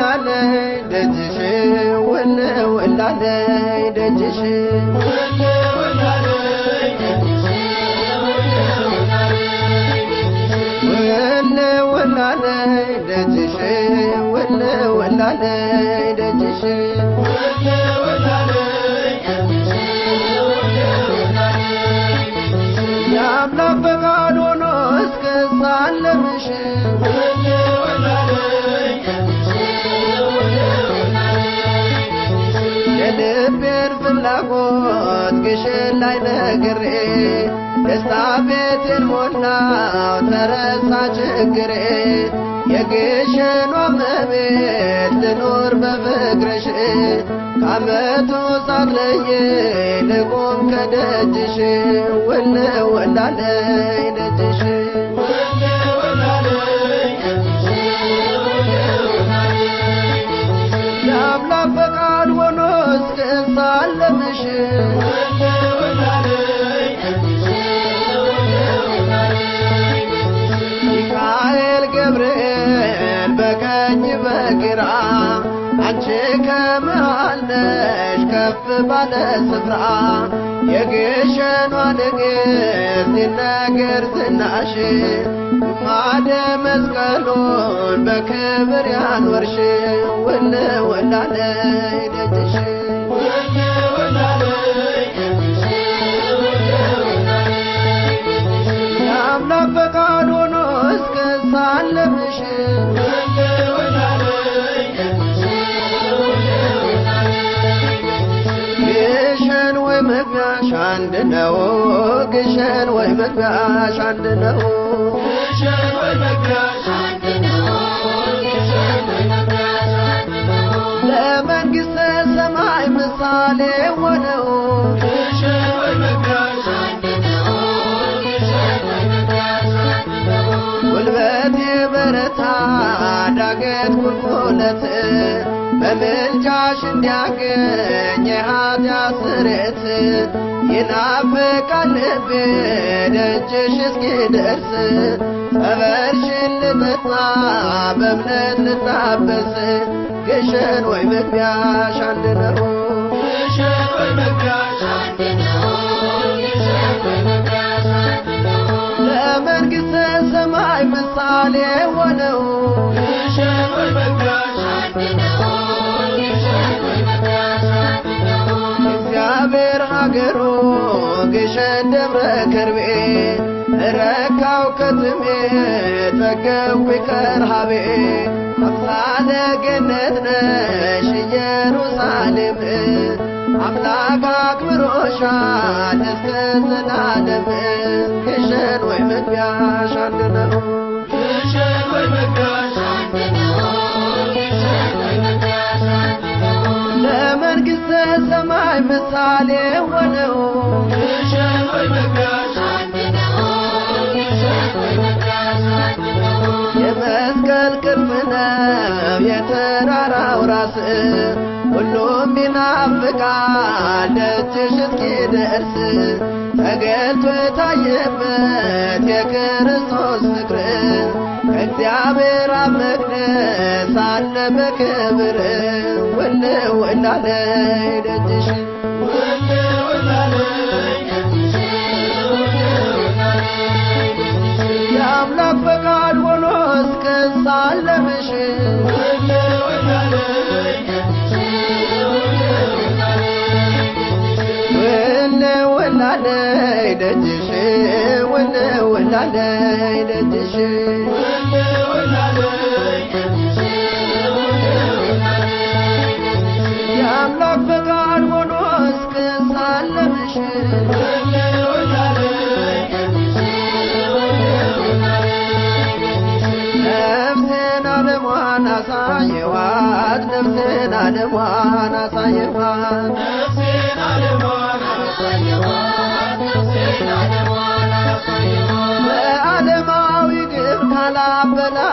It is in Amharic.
ወላለይ ደጅሽ ወነ ወላለይ ደጅሽ ወነ ወላለይ ደጅሽ ወነ ወላለይ ራቆት ግሽን ላይ ነግሬ ደስታ ቤትን ሞላው ተረሳ ችግሬ የግሽኗ እመቤት ልኖር በፍቅርሽ ከአመቱ ሳትለይ ልቁም ከደጅሽ ውል ወላለይ አለምሽ ሚካኤል ገብርኤል በቀኝ በግራ አንቺ ከመሃል ነሽ ከፍ ባለ ስፍራ የግሸኗ ንግሥት ሲነገር ዝናሽ ማደ መስቀሉን በክብር ያኖርሽ ውል ወላለ ደጅሽ አንድ ነው፣ ግሸን ወይ መግቢያሽ አንድ ነው። ለመንግሥተ ሰማይ ምሳሌ ሆነው ጉልበት የበረታ ዳገት በምልጃሽ እንዲያገኝ የኃጢአት ስርየት ይናፍቃል ልቤ ደጅሽ እስኪደርስ ጸበልሽን ልጠጣ በእምነት ልታበስ ግሸን ወይ መግቢያሽ አንድ ነው ለመንግሥተ ሰማይ ምሳሌ ሆነው ግሸን ወይ መግቢያሽ አንድ ነው ሀገሩ ግሸን ደብረ ከርቤ ረካው ከትሜ ጠገብኩ ከርሃቤ አምሳለ ገነት ነሽ ኢየሩሳሌም አምላክ አክብሮሻል እስከ ዘላለም ግሸን ወይ መግቢያሽ አንድ ነው። ምሳሌ ሆነው የመስቀል ቅርብ ነው የተራራው ራስ ሁሉም ይናፍቃል ደጅሽ እስኪደርስ ተገልጦ የታየበት የክርስቶስ ፍቅር ከእግዚአብሔር አብ መቅደስ አለ በክብር ውል ውላለ ደጅሽ ሳለምሽ ውናለይ ደጅሽ ውናለይ ደጅሽ የአምላክ ፈቃድ ሆኖ እስክ ሳለምሽ አሳየዋት ነፍሴን አሳየዋት በዓለማዊ ግብ ካላበላ